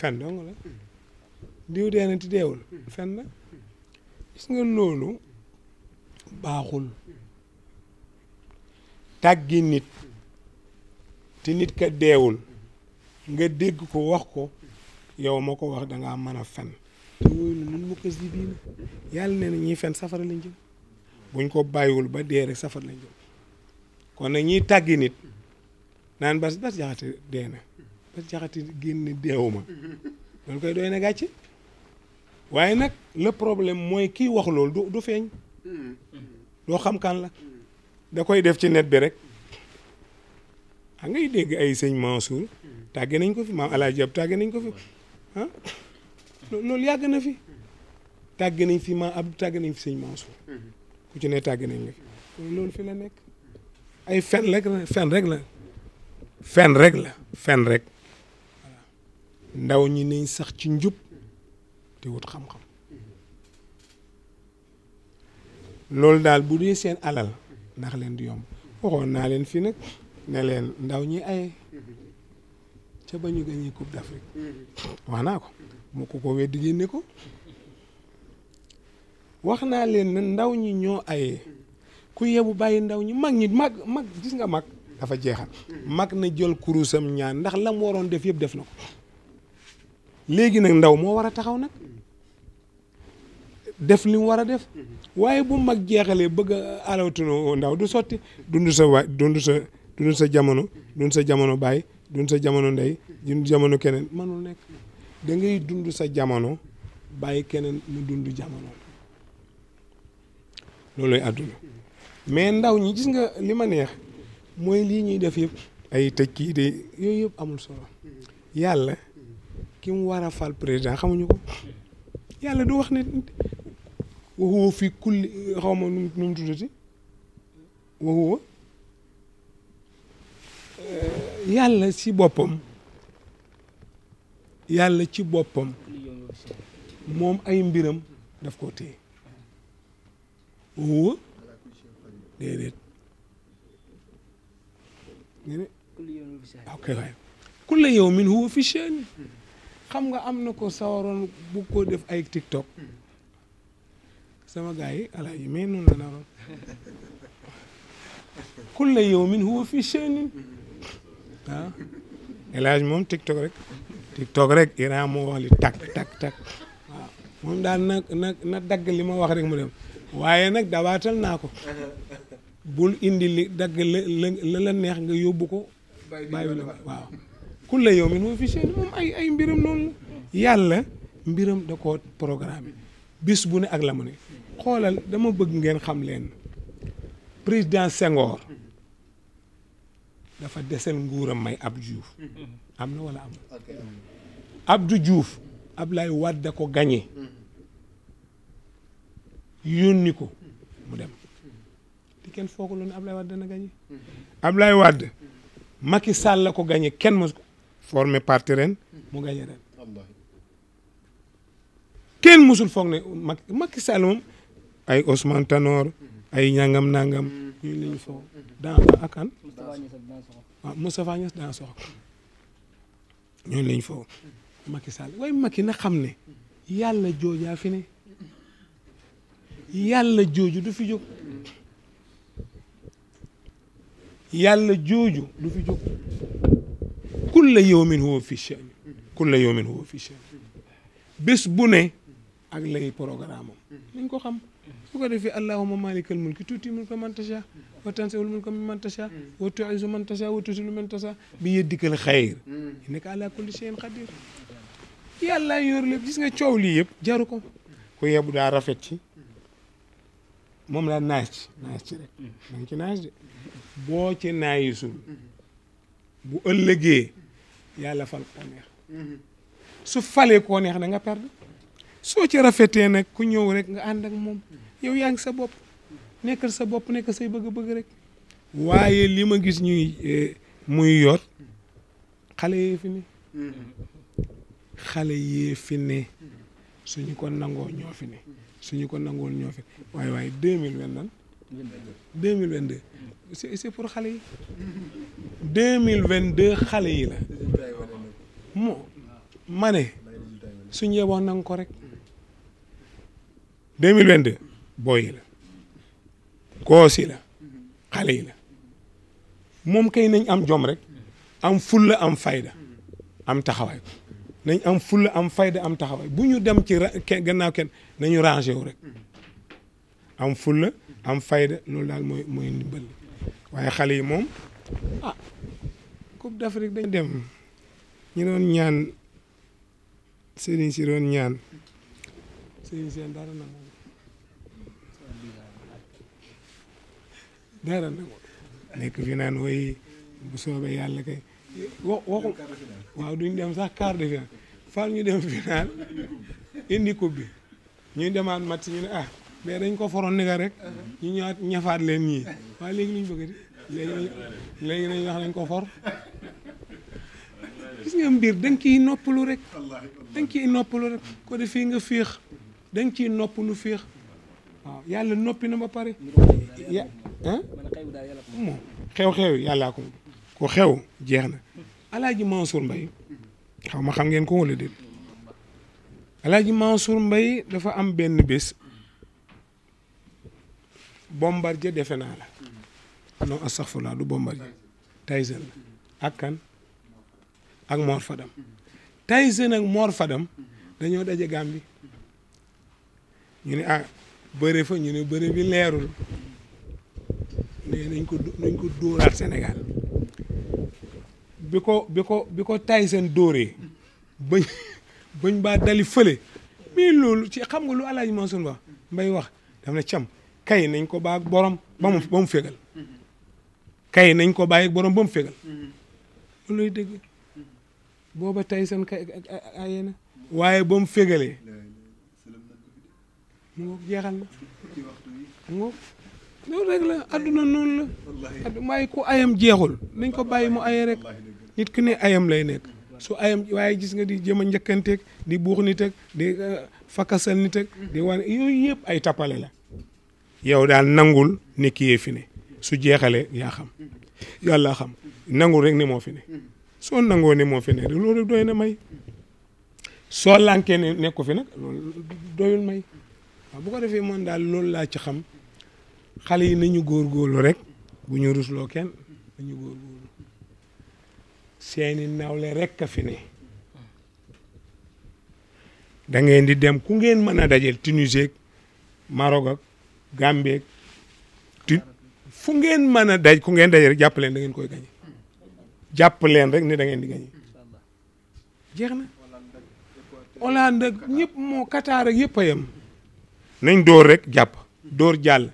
fen dong la diw deewul fen la gis nga loolu baaxul tàggi nit ti nit ka deewul nga dégg ko wax ko yow ma ko wax dangaa mën a fen te wóolu nun mu ko si yàlla nee na ñuy fen safara lañ jëm buñ ko bàyyiwul ba dee rek safara lañ jëm kon nag ñuy tàggi nit naan bas bas jaxate dee jaxati génne deewuma loolu koy doy na gàcce waaye nag le problème mooy kii wax loolu du feeñ doo xam kan la da koy def ci net bi rek a ngay dégg ay sëñ Mansour tàgge nañ ko fi maam Alaaji nañ ko fi ah? loolu yàgg na fi tàgge nañ fi ma ab tàgge nañ fi sëñ Mansour ku ci ne tàgge la loolu fi la nekk ay fen rek rek la fen rek la fen rek ndaw ñi nañ sax ci njub te wut xam-xam loolu daal bu dee seen alal ndax leen di yomb waxoon naa leen fii nag ne leen ndaw ñi aye ca ba ñu gañee Coupe d'Afrique wax naa ko mu ko ko weddi génne ko wax naa leen ne ndaw ñi ñoo aye ku yebu bàyyi ndaw ñi mag ñi mag mag gis nga mag dafa jeexal mag na jël kurusam ñaan ndax lam waroon def yëpp def na ko léegi nag ndaw moo war a taxaw nag def li mu war a def waaye bu mag jeexalee bëgg a alawtino ndaw du sotti dund sa waay dund sa dund sa jamono dund sa jamono baay dund sa jamono ndey dund jamono keneen mënul nekk da ngay dund sa jamono bàyyi keneen mu dund jamono looluy àdduna mais ndaw ñi gis nga li ma neex mooy lii ñuy def yëpp ay tëj kii de yooyu yëpp amul solo yàlla ki mu war a fal président xamuñu ko yàlla du wax ne waxuwa fi kulli xaw ma nu mu tuddati waxuwa eh, ci boppam yàlla ci boppam moom ay mbiram daf ko téye waxuwa déedéet ok waay kulla yawmin huwa xam nga am na ko sawaroon bu ko def ay tiktok sama gars yi ala yi mais la naroon kulla yawmin huwa fi shay'in ah moom tiktok rek tiktok rek Iran moo wax tak tak tak ah. moom daal na na dagg li ma wax rek mu dem waaye nag dabaatal naa ko bul indi li dagg la la la neex nga yóbbu ko bàyyi waaw kulla yawmin huwa fii sha'nin moom ay ay mbiram noonu la yàlla mbiram da koo programme bis bu ne ak la mu ne xoolal dama bëgg ngeen xam leen président Senghor dafa desel nguuram may ab Diouf am na wala am Abdou Diouf Ablaye Wade ko gañe yónni ko mu dem te kenn foogu loon ne Ablaye Wade dana gañe mm-hmm. Ablaye Wade Macky Sall la ko gañe kenn mos forme parti ren mu gagné ren kenn musul foog ne Macky Macky moom ay Ousmane Tanor ay ñangam nangam ñu li ñu foog ak an waaw Moustapha Niass dans sox ñooñu la ñu foog Macky Sall waaye Macky na xam ne yàlla joojaa fi ne yàlla jooju du fi jóg yàlla jooju du fi jóg kulla yawmin huwa huwa fi sha'ni bés bu ne ak lay programme am nañ ko xam su ko defee allahumma maalikal mulki tuuti mulka man tasha wa tansiul mulka man tasha wa tu'izu man tasha wa tuzilu man tasha bi yadikal xayr innaka ala kulli shay'in qadir yàlla yor lépp gis nga coow lii yëpp jaru ko ku yebu daa rafet ci moom laa naaj naaj ci ci naaj de bu ëllëgee yàlla fal koo neex su falee koo neex da nga perdre soo ci rafetee nag ku ñëw rek nga ànd ak moom yow yaa sa bopp nekkal sa bopp nekkal say bëgg-bëgg rek waaye li ma gis ñuy eh, muy yor xale yee fi ne xale yee fi ne suñu ko nangoo ñoo fi ne suñu ko nangoon ñoo fi waaye waaye deux mille vingt lan deux mille deux c'est pour xale yi deux mille vingt deux xale yi la ma ne suñ yeboon na ko rek deux mille vingt booy yi la goos yi la xale yi la moom kay nañ am jom rek am fulla am fayda am taxawaay nañ am fulla am fayda am taxawaay bu ñu dem ci gannaaw kenn nañu rangé wu rek am fulla am fayda loolu daal mooy mooy ndimbal waaye xale yi moom ah, Coupe d'Afrique dañ dem ñu doon ñaan sëriñ si doon ñaan sëriñ seen dara nangu dara nangu nekk fi naan way bu soobee yàlla kay wax waxu waaw duñ dem sax quart de finale far ñu dem final indi coupe bi ñuy demaat match ñu ne ah mais dañ ko foroon ni nga rek ñu ñëwaat ñafaat leen ñii waaye léegi luñ bëgg di léegi léegi nañ wax nañ ko for gis nga mbir da nga ciy noppalu rek da nga ciy noppalu rek ko defee nga féex da ci ciy noppalu féex yàlla noppi na ba pare ya xew-xew yàllaa ko ku xew jeex na alaaji Mansour Mbaye xam ngeen ko wala déet alaaji Mansour Mbaye dafa am benn bés Bombardier defe naa la non astaghfirullah du Bombardier Tyson ak kan ak Mor Fadam Tyson ak Mor Fadam dañoo daje Gàmbi ñu ne ah bëre fa ñu ne bëre bi leerul nee nañ ko nañ ko dóoraat Sénégal bi ko bi ko bi ko Tyson dóoree bañ bañ baa dali fële mais lool ci xam nga lu Alaaji Mansour wax mbay wax daf na cam kay nañ ko baag borom ba mu ba mu kay nañ ko bàyyi borom ba mu fégal mm-hmm. booba Tyson kay aye na waaye ba mu fégalee mu ngoog jeexal na mu ngoog rek la adduna noonu la addu ku ayam jeexul nañ ko bàyyi mu aye rek nit ku ne ayam lay nekk su ayam waaye gis nga di jëm a njëkkanteeg di buux nit ak di uh, fakasal nit ak di wane yooyu yëpp ay tappale la yow daal nangul ni kii yee fi su jeexalee yaa xam yàlla xam nangul rek ni moo fi soo nangoo ne moo fi rek loolu doy na may soo lànkee ne nekku fi nag loolu doyul may waaw bu ko defee man daal loolu laa ci xam xale yi nañu góorgóorlu rek bu ñu rusloo kenn nañu góorgóorlu seeni nawle rek a fi ne di dem ku ngeen mën a dajel Tunisie ak Maroc ak Gambie ak fu ngeen mën a daj ku ngeen dajel rek jàpp leen koy gañe jàpp leen rek ni dangeen ngeen di gañe jeex na Hollande moo Qatar ak yëpp yem nañ dóor rek jàpp door jàll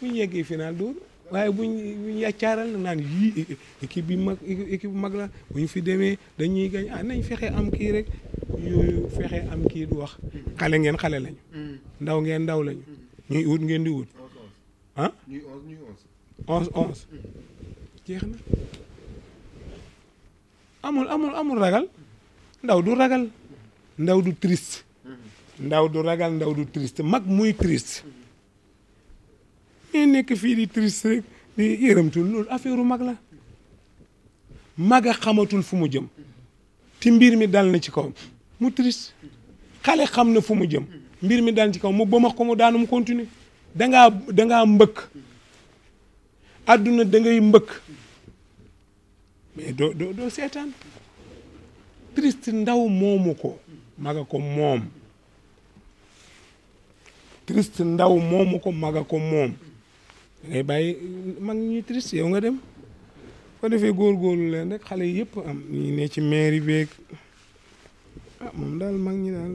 bu ñu final dóor waaye buñ buñ yàccaaral na naan yii équipe bi mag équipe bu mag la bu fi demee dañuy gañ ah nañ fexe am kii rek yooyu fexe am kii du wax ngeen xale lañu ndaw ngeen ndaw lañu ñuy wut ngeen di wut ah onze onze jeex na amul amul amul ragal ndaw du ragal ndaw du triste ndaw du ragal ndaw du triste mag muy triste ñuy nekk fii di triste rek di yërëmtul loolu affaire mag la mag a xamatul fu mu jëm ti mbir mi dal na ci kaw mu triste xale xam na fu mu jëm mbir mi dal ci kaw mu bëmax ko mu daanu mu continuer dangaa dangaa mbëkk àdduna da ngay mbëkk mais doo doo doo seetaan triste ndaw moomu ko maga ko moom trist ndaw moomu ko maga ko moom da ngay bàyyi mag ñuy triste yow nga dem ko defee góorgóorlu leen rek xale yëpp am ñi ne ci mairie beeg ah moom daal mag ñi daal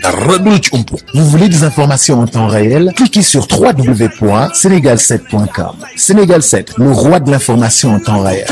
dara du la ci ump vous voulez des informations en temps réel cliquez sur www.sénégal7.com Sénégal 7 le roi de l'information en temps réel